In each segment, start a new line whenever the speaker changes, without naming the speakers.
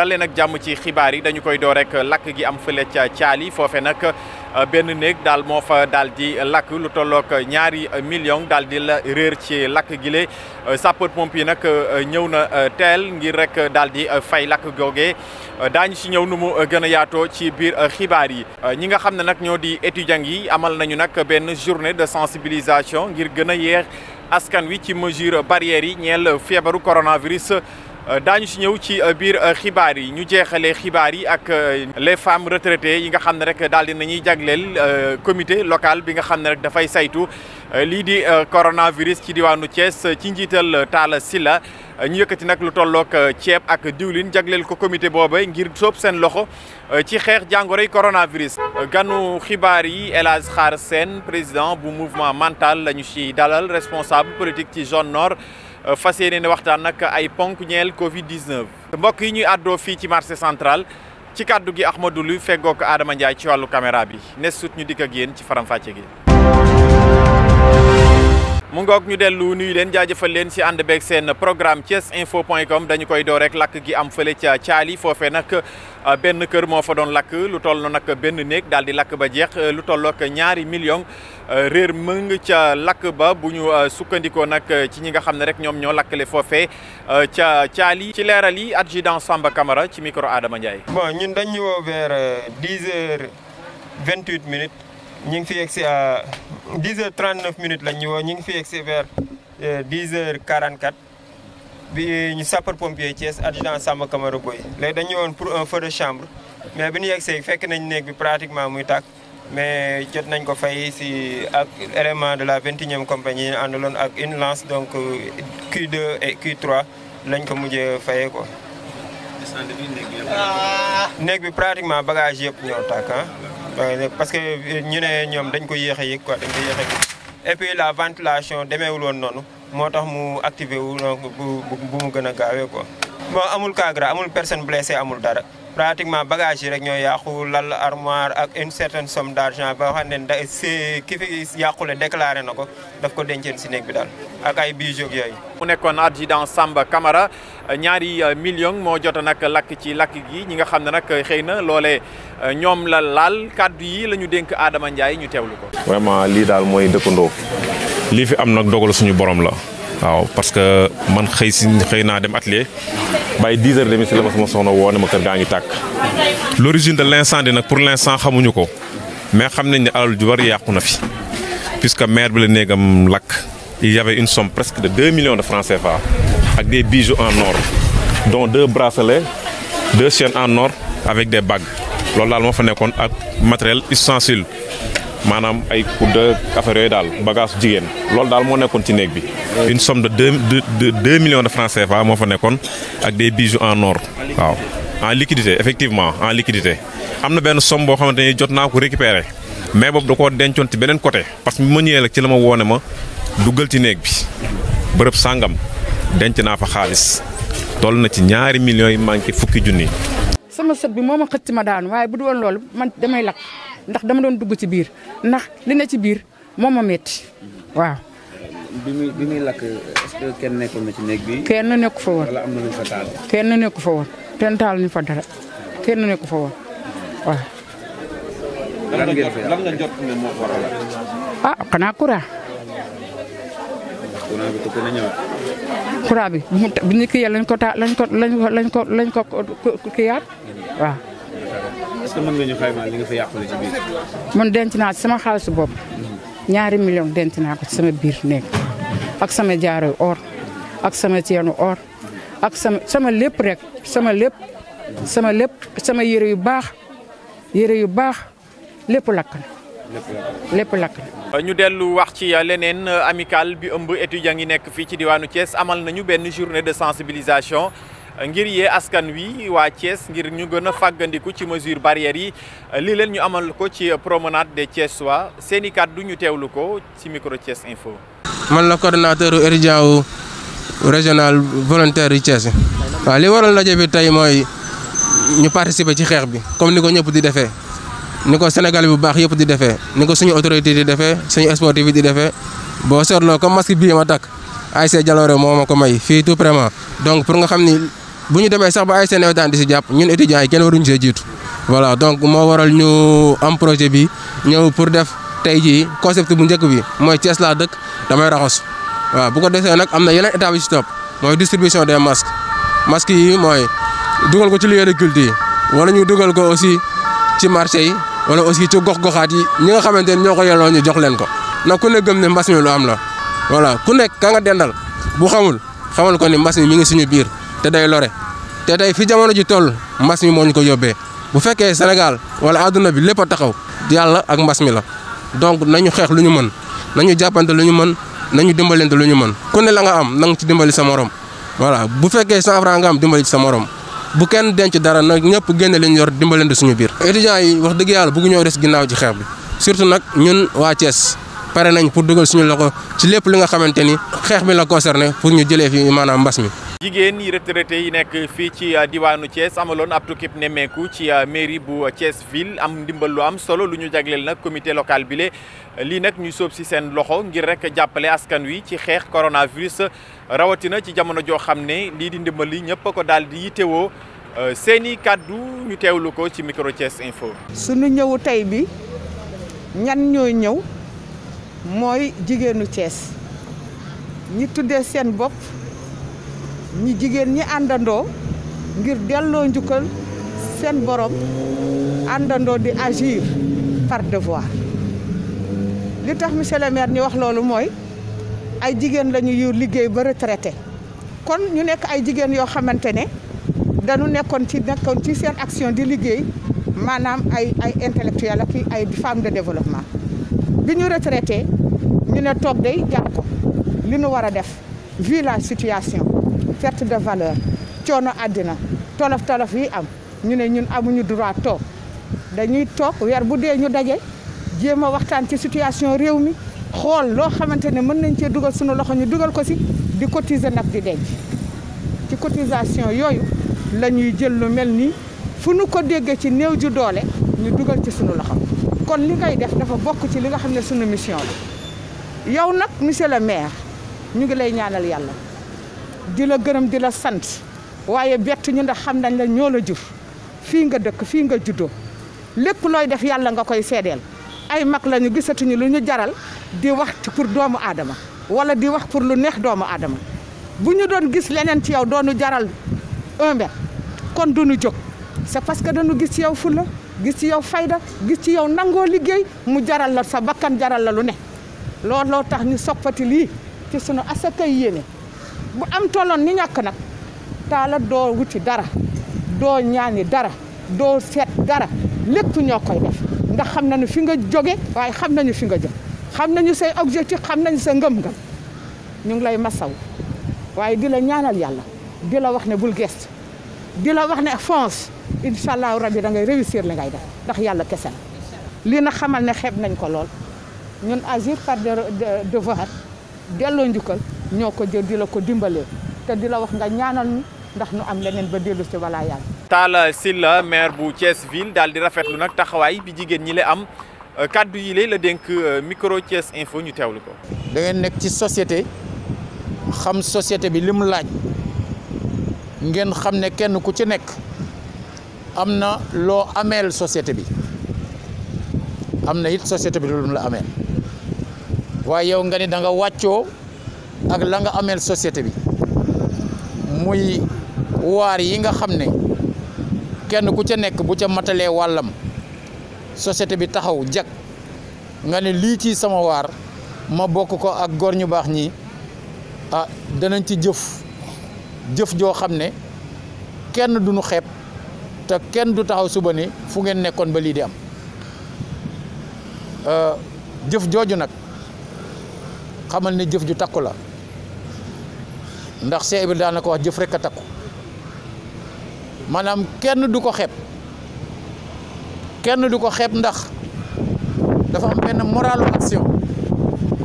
dal nag jàmm ci xibaar yi dañu koy door rek lakk gi am fële ca Thiali foofe nag euh, benn néeg daal moo fa daal di lakk lu tollook ñaari million daal di la réer ci lakk gi le euh, sapeur pompier nag euh, ñëw na teel ngir rek daal di fay lakk googee daañu si ñëw nu mu gën a yaatoo ci biir xibaar yi ñi nga xam ne nag ñoo di étudiants yi amal nañu nag benn journée de sensibilisation ngir gën a yeex askan wi ci mesure barrières yi ñeel feebaru coronavirus Euh, daañu si ñëw ci euh, biir euh, xibaar yi ñu jeexale xibaar yi ak les femmes retraitées yi nga xam ne rek daal di nañuy jagleel comité local bi nga xam ne rek dafay saytu lii di coronavirus ci diwaanu Thiès ci njiital Talla Sylla ñu yëkkati nag lu tollook ceeb ak diwlin jagleel ko comité booba ngir soob seen loxo ci xeex jàngoroy coronavirus. ganu xibaar yi El Hadj Khar Sène président bu mouvement mental la ñu si dalal responsable politique ci zone nord. Euh, fas yéene ne waxtaan nag ay ponk ñeel Covid 19. mbokk yi ñuy àddoo fii ci marché central ci kàddu gi Ahmadou Luy feggoog Adama Ndiaye ci wàllu caméra bi ne sut ñu dikk ak yéen ci faram-fàcce gi. mu ngoog ñu dellu nuyu leen jaajëfal leen ci ànd beeg seen programme Thiès info point com dañu koy door rek lakk gi am fële ca caali foofee nag euh, benn kër moo fa doon lakk lu toll nag benn néeg daal di lakk ba jeex euh, lu tollook ñaari million euh, réer mëng ca lakk ba bu ñu sukkandikoo nag ci ñi nga xam ne rek ñoom ñoo lakkale foofee ca Thiali. ci leeral yi adjudant Samba Camara ci micro Adama Ndiaye.
bon ñun dañu woo vers dix heures vingt-huit minutes. ñu ngi fi yegg si à euh, 10 heures 39 minute lañ ñu ñu ngi fi yegg si vers 10 euh, heures 44 bi ñu sapar pompier Thiès adjudant Samba Camara Boye léegi dañu woon pour un feu de chambre mais bi ñu yegg see fekk nañ néeg bi pratiquement muy tàkk mais jot nañ ko fay si ak élément de la 21e compagnie àndaloon ak une lance donc Q2 et Q3 lañ ko mujje fayee ko. descente bi néeg bi pratiquement bagage yëpp ñoo tàkk parce que euh, ñu ne ñoom dañ ko yéex a yëg quoi dañ ko yéex yëg et la ventilation demeewul woon noonu moo tax mu activé wu donc bu bu mu gën a gaawee ko bon amul cas amul personne blessée amul dara. pratiquement bagage yi rek ñoo yàqu lal armoire ak une certaine somme d'argent ba xam ne da si ki fi yàqule déclaré na ko daf ko denceen si néeg bi daal ak ay bijoux yooyu. mu
nekkoon adjudant Samba Camara ñaari million moo jota nag lakk ci lakk gi ñi nga xam ne nag xëy na loole ñoom la laal kàddu yi la ñu dénk Adama Ndiaye ñu teewlu ko.
vraiment lii daal mooy dëkkandoo. lii fi am nag dogal suñu borom la. waaw parce que man xëy si xëy naa dem atelier bàyyi 10 heures demi si la ma sama soxna woo ne ma kër gaa ngi tàkk. l'origine de l'incendie nag pour l'instant xamuñu ko mais xam nañ ne alal ju bari yàqu na fi puisque maire bi la néegam lakk il y une somme presque de 2 millions de francs CFA ak des bijoux en or dont deux bracelets deux chaînes en or avec des bagues loolu laal moo fa nekkoon ak matériel ustensile maanaam ay kudda affaire yooyu daal bagage jigéen loolu daal moo nekkoon ci néeg bi. une somme de deux de deux millions de francs CFA moo fa nekkoon ak des bijoux en or. waaw en liquidité effectivement en liquidité. am na benn somme boo xamante ni jot naa ko récupérer mais boobu da koo dencoon ci beneen côté parce que bi ma ñëwee rek ci la ma woone ma duggal ci néeg bi bërëb sàngam denc naa fa xaalis toll na ci ñaari millions yi manqué fukki junni.
sama sët bi moo ma xëcc ma daanu ndax dama doon dugg ci biir ndax li ne ci biir moom ma metti waaw.
bi muy lakk est-ce kenn nekkoon na ci néeg bi. kenn nekku fa woon wala am na lu fa taal.
nekku fa woon kenn taal ñu fa dara kenn nekku fa woon waaw.
ko waral
ah xanaa courant. courant bi tëkk bu mu ta bu ñu kii lañ ko ta lañ ko lañ ko lañ ko
waaw. est-ce que mën ñu nga fa yàqule
man denc naa ci sama xaalisu bopp. ñaari million denc naa ko ci sama biir nekk ak sama jaaro or ak sama ceenu or ak sama sama lépp rekk sama lépp. sama lépp sama yére yu baax yére yu baax lépp lakk na. lépp lakk
ñu dellu wax ci leneen amicale bi ëmb étudiants ngi nekk fii ci diwaanu Thiès amal na ñu benn journée de sensibilisation. ngir yee askan wi waa cees ngir ñu gën a fàggandiku ci mesure barrière yi lii leen ñu amal ko ci promenade des Thiessois seeni i kàddu ñu teewlu ko ci micro Thiès Info.
man la coordonnateur étudiant wu régional volontaire yu Thiès waaw li waral ndaje bi tey mooy ñu participer ci xeex bi comme ni ko ñëpp di defee. ni ko Sénégal bu baax yëpp di defee ni ko suñu autorité di defee suñu sportif yi di defee boo seetloo comme masque bii ma takk ASC Jaloore moo ma ko may fii tout vraiment bu ñu demee sax ba ay seen daan di si jàpp ñun étudiants yi kenn waruñu see jiitu voilà donc moo waral ñu en projet bi ñëw pour def tey jii concept bu njëkk bi mooy Thiès laa dëkk damay raxasu waaw bu ko desee nag am na yeneen étapes yi si topp mooy distribution des masques masques yi mooy dugal ko ci lieu de culte yi wala ñu dugal ko aussi ci marché yi wala aussi ci gox-goxaat yi ñi nga xamante ne ñoo ko yelloo ñu jox leen ko na ku ne gëm ne mbas mi lu am la voilà ku nekk ka dendal bu xamul xamal ko ni mbas mi mi ngi suñu biir. te day lore te day fi jamono ji toll mbas mi moo ñu ko yóbbee bu fekkee Sénégal wala àdduna bi lépp a taxaw yàlla ak mbas mi la donc nañu xeex lu ñu mën nañu jàppante lu ñu mën nañu dimbalante lu ñu mën ku ne la nga am na nga ci dimbali sa morom voilà bu fekkee cent franc nga am dimbali ci sa morom bu kenn denc dara nag ñëpp génne li ñu yor dimbalante suñu biir. étudiants yi wax dëgg yàlla bugg ñoo des ginnaaw ji xeex bi surtout nag ñun waa Thiès pare nañ pour dugal suñu loxo ci lépp li nga xamante ni xeex bi la concerné pour ñu jëlee fi maanaam mbas mi.
jigéen yi retraité yi nekk fii ci euh, diwaanu Thiès amaloon ab tukkib nemmeeku ci euh, mairie bu Thiès ville am ndimbal lu am solo lu ñu jagleel nag comité local bi le lii nag ñu sóob si seen loxo ngir rek jàppale askan wi ci xeex coronavirus rawatina ci jamono joo xam ne lii di ndimbal li ñëpp ko daal di yittewoo euh, seen i kàddu ñu teewlu ko ci micro Thiès info.
suñu ñëwu tey bi ñan ñooy ñëw mooy jigéenu Thiès ñi tuddee seen bopp. ñu jigéen ñi àndandoo ngir delloo njukkal seen borom àndandoo di agir par devoir li tax mu le maire ñu wax loolu mooy ay jigéen lañu yu liggéey ba retraité kon ñu nekk ay jigéen yoo xamante ne dañu nekkoon ci nekkoon ci seen action di liggéey maanaam ay ay intellectuel ak ay femme de développement bi ñu retraité ñu ne toog day jàpp li ñu war a def vu la situation perte de valeur coono àddina tolof tolof yi am ñu ne ñun amuñu droit toog dañuy toog weer bu dee ñu daje jéem a waxtaan ci situation réew mi xool loo xamante ne mën nañ cee dugal suñu loxo ñu dugal ko si di cotiser nag di denc ci cotisation yooyu la jël lu mel nii fu nu ko déggee ci néew ji doole ñu dugal ci suñu loxo kon li ngay def dafa bokk ci li nga xam ne suñu mission la yow nag monsieur le maire ñu ngi lay ñaanal yàlla. di la gërëm di la sant waaye bett ñu ndax xam nañ la ñoo la jur fii nga dëkk fii nga juddoo lépp looy def yàlla nga koy seedeel ay mag lañu gisatuñu lu ñu jaral di wax ci doomu aadama wala di wax pour lu neex doomu aadama bu ñu doon gis leneen ci yow doonu jaral un mètre kon duñu jóg c'est parce que dañu gis ci yow fulla gis ci yow fayda gis ci yow nangoo liggéey mu jaral la sa bakkan jaral la lu ne looloo tax ñu soppati lii ci sunu asakay yéene bu am tolloon ni ñàkk nag taala doo wuti dara doo ñaani dara doo seet dara lépp ñoo koy def ndax xam nañu fi nga jóge waaye xam nañu fi nga jóg xam nañu say objectif xam nañu sa ngëm-ngëm ñu ngi lay masaw waaye di la ñaanal yàlla di la wax ne bul gest di la wax ne fonce incha allahu rabi da ngay réussir li ngay def ndax yàlla kese la lii na xamal ne xeeb nañ ko lool ñun agir par devoir delloo njukkal ñoo ko jël di la ko dimbalee te di la wax nga ñaanal ndax nu am leneen ba dellu si wala yàlla.
Talla silla maire bu Thiès ville daal di rafetlu nag taxawaay bi jigéen ñi la am kàddu yi lay la dénk euh, micro Thiès info ñu teewlu ko.
da ngeen nekk ci société xam société bi li mu laaj ngeen xam ne kenn ku ci nekk am na loo ameel société bi am na it société bi lu mu la ameel waaye yow nga ni da nga ak la nga ameel société bi muy waar yi nga xam ne kenn ku ca nekk bu ca matalee wàllam société bi taxaw jag nga ne lii ci sama waar ma bokk ko ak góor ñu baax ñi ah danañ ci jëf jëf joo xam ne kenn du nu xeeb te kenn du taxaw suba ni fu ngeen nekkoon ba lii di am euh, jëf jooju nag xamal ne jëf ju takku la ndax Cheikh bi daan na ko wax jëf rek a takku maanaam kenn du ko xeeb kenn du ko xeeb ndax dafa am benn moralu action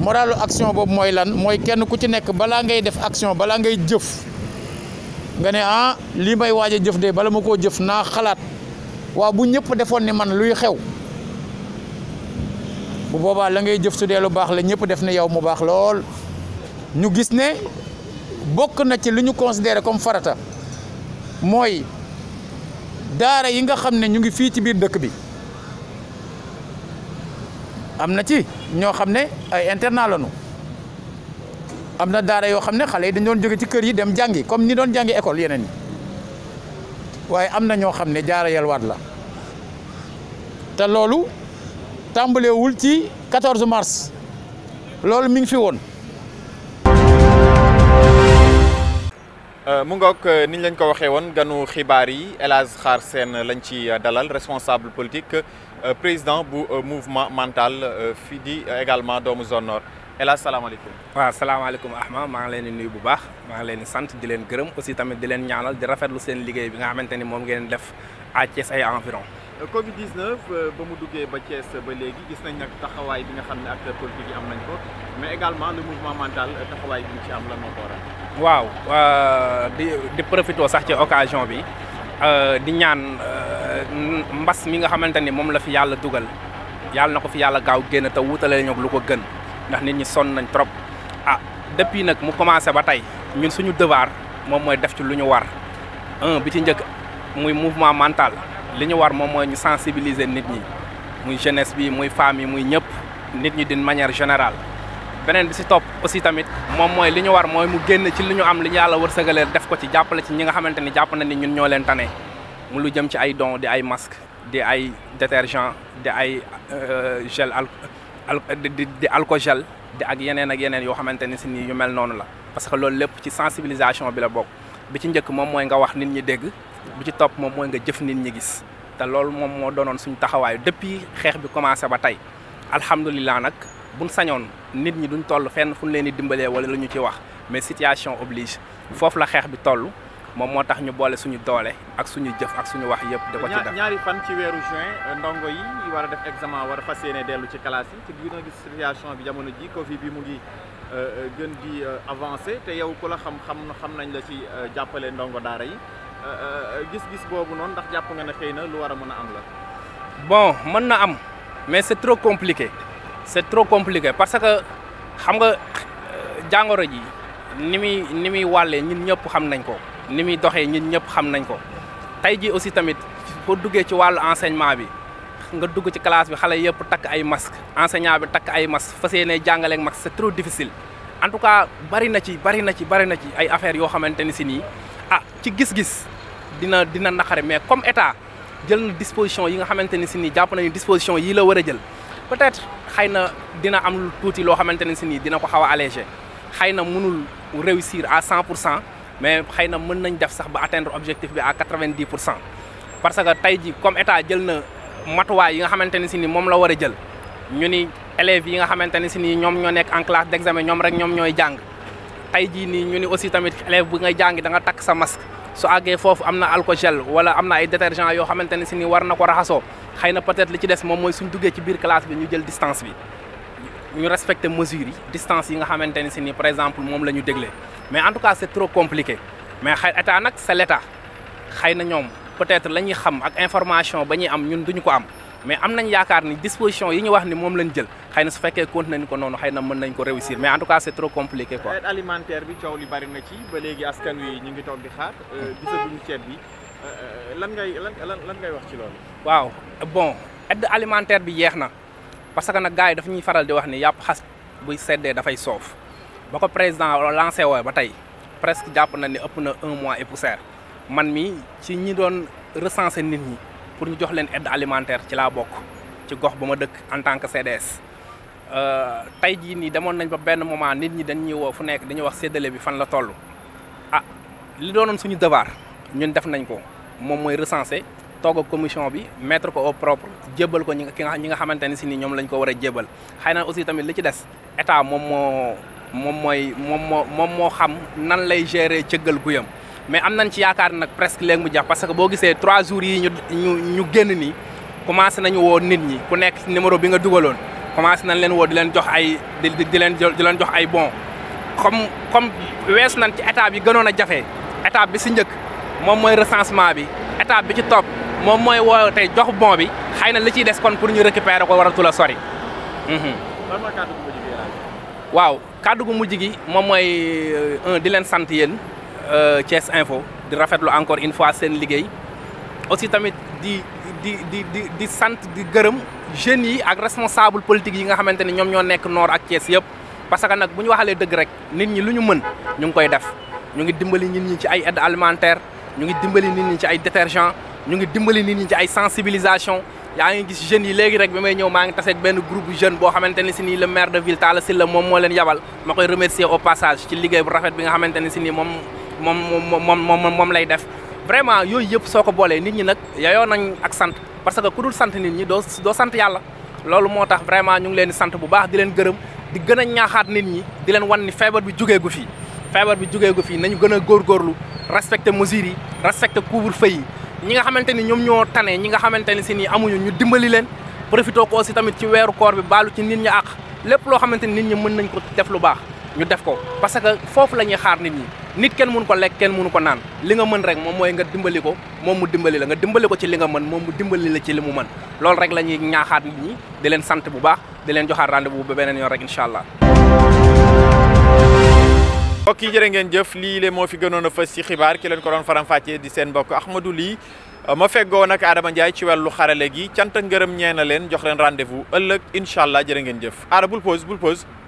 moralu action boobu mooy lan mooy kenn ku ci nekk balaa ngay def action balaa ngay jëf nga ne ah lii may waaj a jëf de bala ma koo jëf naa xalaat waaw bu ñëpp defoon ni man luy xew bu boobaa la ngay jëf su dee lu baax la ñëpp def ne yow mu baax lool ñu gis ne. bokk na ci li ñu considéré comme farata mooy daara yi nga xam ne ñu ngi fii ci biir dëkk bi am na ci ñoo xam ne ay internat lañu am na daara yoo xam ne xale yi dañ doon jóge ci kër yi dem jàngi comme ni doon jàngi école yeneen yi waaye am na ñoo xam ne jaara yalwaat la te loolu tàmbalewul ci 14 mars loolu mu ngi fi woon
Euh, mu ngoog euh, niñ lañ ko waxee woon ganu xibaar yi El Hadj seen lañ ci euh, dalal responsable politique président bu mouvement mental fii di également doomu zone nord El Hadj waa
waaw salaamaaleykum Ahma maa ngi leen di nuyu bu baax maa ngi leen sant di leen gërëm aussi tamit di leen ñaanal di rafetlu seen liggéey bi nga xamante ni moom ngeen def à Thiès ay environ
Covid 19 euh, ba mu duggee ba Thiès ba léegi gis nañ nag taxawaay bi nga xam ne acteurs politiques yi am nañ ko mais également le mouvement mental euh, taxawaay bi ñu ci am la moo ko waral.
waaw euh, di di profité sax ci occasion bi di ñaan mbas mi nga xamante ni moom la fi yàlla dugal yàlla na ko fi yàlla gaaw génn te wutale ñoog lu ko gën ndax nit ñi sonn nañ trop ah depuis nag mu commencé ba tey ñun suñu devoir moom mooy def ci lu ñu war un bi ci njëkk muy mouvement mental. li ñu war moom mooy ñu sensibiliser nit ñi muy jeunesse bi muy femme yi muy ñëpp nit ñi d'une manière général beneen bi si topp aussi tamit moom mooy li ñu war mooy mu génn ci li ñu am li ñu yàlla wërsëgalee def ko ci jàppale ci ñi nga xamante ni jàpp na ni ñun ñoo leen mu lu jëm ci ay don di ay masque di ay détergent di ay euh, gel al di alcool gel di ak yeneen ak yeneen yoo xamante ni si nii yu mel noonu la parce que loolu lépp ci sensibilisation bi la bokk bi ci njëkk moom mooy nga wax nit ñi dégg bi ci topp moom mooy nga jëf nit ñi gis te loolu moom moo doonoon suñu taxawaay depuis xeex bi commencé ba tey alhamdulilah nag buñ sañoon nit ñi duñ toll fenn fu ñu leen di dimbalee wala lu ñu ci wax mais situation oblige foofu la xeex bi toll moom moo tax ñu boole suñu doole ak suñu jëf ak suñu wax yëpp. da ko ci def
ñaari fan ci weeru juin euh, ndongo yi war a def examen war a fas yéene dellu ci classe yi te gis situation bi jamono ji Covid bi mu ngi. Euh, euh, gën gi euh, avancer te yow ku la xam xam xam nañ la ci jàppale ndongo daara yi gis-gis boobu noonu ndax jàpp nga ne xëy na lu
war a mën a am la. bon mën na am mais c'est trop compliqué c'est trop compliqué parce que xam nga jàngoro ji ni muy ni muy wàllee ñun ñëpp xam nañ ko ni muy doxee ñun ñëpp xam nañ ko tey ji aussi tamit pour duggee ci wàll enseignement bi. nga dugg ci classe bi xale yëpp takk ay masque enseignant bi takk ay masque fas yéene jàngaleeg masque c'est trop difficile en tout cas ci bari na ci bari na ci ay affaires yoo xamante ni si nii ah ci gis-gis dina dina naqare mais comme état jël na disposition yi nga xamante ni si nii jàpp nañu disposition yii la war a jël peut-être xëy na dina am tuuti loo xamante ni si nii dina ko xaw a allégé xëy na mënul réussir à 100 pour cent mais xëy na mën nañ def sax ba atteindre objectif bi à 90 pour cent parce que tey ji comme état jël na matuwaay yi nga xamante ne si ni moom la war a jël ñu ni élèves yi nga xamante ne si ni ñoom ñoo nekk en classe d'examen ñoom rek ñoom ñooy jàng tey ji nii ñu ni aussi tamit élève bu ngay jàng da nga takk sa masque su àggee foofu am na alcogel wala am na ay détergent yoo xamante ne si ni war na ko raxaso xëy na peut-être li ci des moom mooy suñ duggee ci biir classe bi ñu jël distance bi ñu respecter mesures yi distance yi nga xamante ne si ni par exemple moom la ñu mais en tout cas c'est trop compliqué mais xëy nag c'est xëy na ñoom peut-être la ñuy xam ak information ba ñu am ñun duñu ko am mais am nañ yaakaar ni disposition yi ñu wax ni moom lañu jël xëy na su fekkee continué nañ ko noonu xëy na mën nañ ko réussir mais en tout cas c'est trop compliqué quoi.
aide bi coow li bari na ci ba léegi askan wi ñu ngi toog di xaar euh, gisaguñu ceeb bi euh, euh, lan ngay lan lan ngay wax ci
loolu. waaw bon edd alimentaire bi yeex na parce que nag gars yi dafa ñuy faral di wax ni yàpp xas buy seddee dafay soof ba ko président lancé wooy ba tey presque jàpp na ni ëpp na mois et poussière. man mi ci ñi doon recenser nit ñi pour ñu jox leen aide alimentaire ci laa bokk ci gox ba ma dëkk en tant que CDS euh, tey jii nii demoon nañ ba benn moment nit ñi dañ ñuy woo fu nekk dañuy wax séddale bi fan la toll ah li doonoon suñu devoir ñun def nañ ko moom mooy recenser toog ak commission bi mettre ko au propre jébbal ko ñi nga ñi nga xamante ne si nii ñoom lañ ko war a jébbal xëy na aussi tamit li ci des état moom moo moom mooy moom moo moom moo xam nan lay gérer cëggal guyam mais am nañ ci yaakaar nag presque léegi mu jeex parce que boo gisee trois jours yi ñu ñu ñu génn nii commencé nañu woo nit ñi ku nekk numéro bi nga dugaloon commencé nañ leen woo di leen jox ay di di leen di leen jox ay bon comme comme weesu nañ ci étape yi gënoon a jafe étape bi si njëkk moom mooy recensement bi étape bi ci topp moom mooy woo tey jox bon bi xëy na li ciy des kon pour ñu récupérer ko waratul a sori. Mhm. waaw kàddu gu mujj gi moom mooy euh, di leen sant yéen. Euh, Thiès Info di rafetlu encore une fois seen liggéey aussi tamit di di di di di sant di gërëm jeunes yi ak responsable politique yi nga xamante ñoom ñoo nekk Nord ak Thiès yëpp parce que nag bu ñu waxalee dëgg rek nit ñi lu ñu mën ñu ngi koy def ñu ngi dimbali nit ñi ci ay aide alimentaire ñu ngi dimbali nit ñi ci ay détergent ñu ngi dimbali nit ñi ci ay sensibilisation yaa ngi gis jeunes yi léegi rek bi may ñëw maa ngi taseeg benn groupe jeune boo xamante liggéey bu rafet bi nga xamante ne si nii moom moom moom moom moom lay def vraiment yooyu yëpp soo ko boolee nit ñi nag yayoo nañ ak sant parce que ku dul sant nit ñi doo doo sant yàlla loolu moo tax vraiment ñu ngi leen di sant bu baax di leen gërëm di gën ñaaxaat nit ñi di leen wan ni feebar bi jugee gu fii feebar bi jugee gu fii nañu gën a góorlu respecté mesures yi respecté couvre-feu yi ñi nga xamante ni ñoom ñoo tane ñi nga xamante ni si nii amuñu ñu dimbali leen profité ko aussi tamit ci weeru koor bi baalu ci nit ñi àq lépp loo xamante ni nit ñi mën nañ ko def lu baax ñu def ko parce que foofu la ñuy xaar nit ñi nit kenn mënu ko lekk kenn mënu ko naan li nga mën rek moom mooy nga dimbali ko moom mu dimbali la nga dimbali ko ci li nga mën moom mu dimbali la ci li mu mën loolu rek lañuy ñuy ñaaxaat ñi di leen sant bu baax di leen joxaat rendez ba beneen yoon rek incha allah. mbokk yi ngeen jëf lii le moo fi
gënoon a fës ci xibaar ki leen ko doon faram-fàccee di seen mbokk Ahmadou Ly ma feggoo nag Adama Ndiaye ci wàllu xarale gi cant ak ngërëm ñee na leen jox leen rendez-vous ëllëg incha allah jërë ngeen jëf aara bul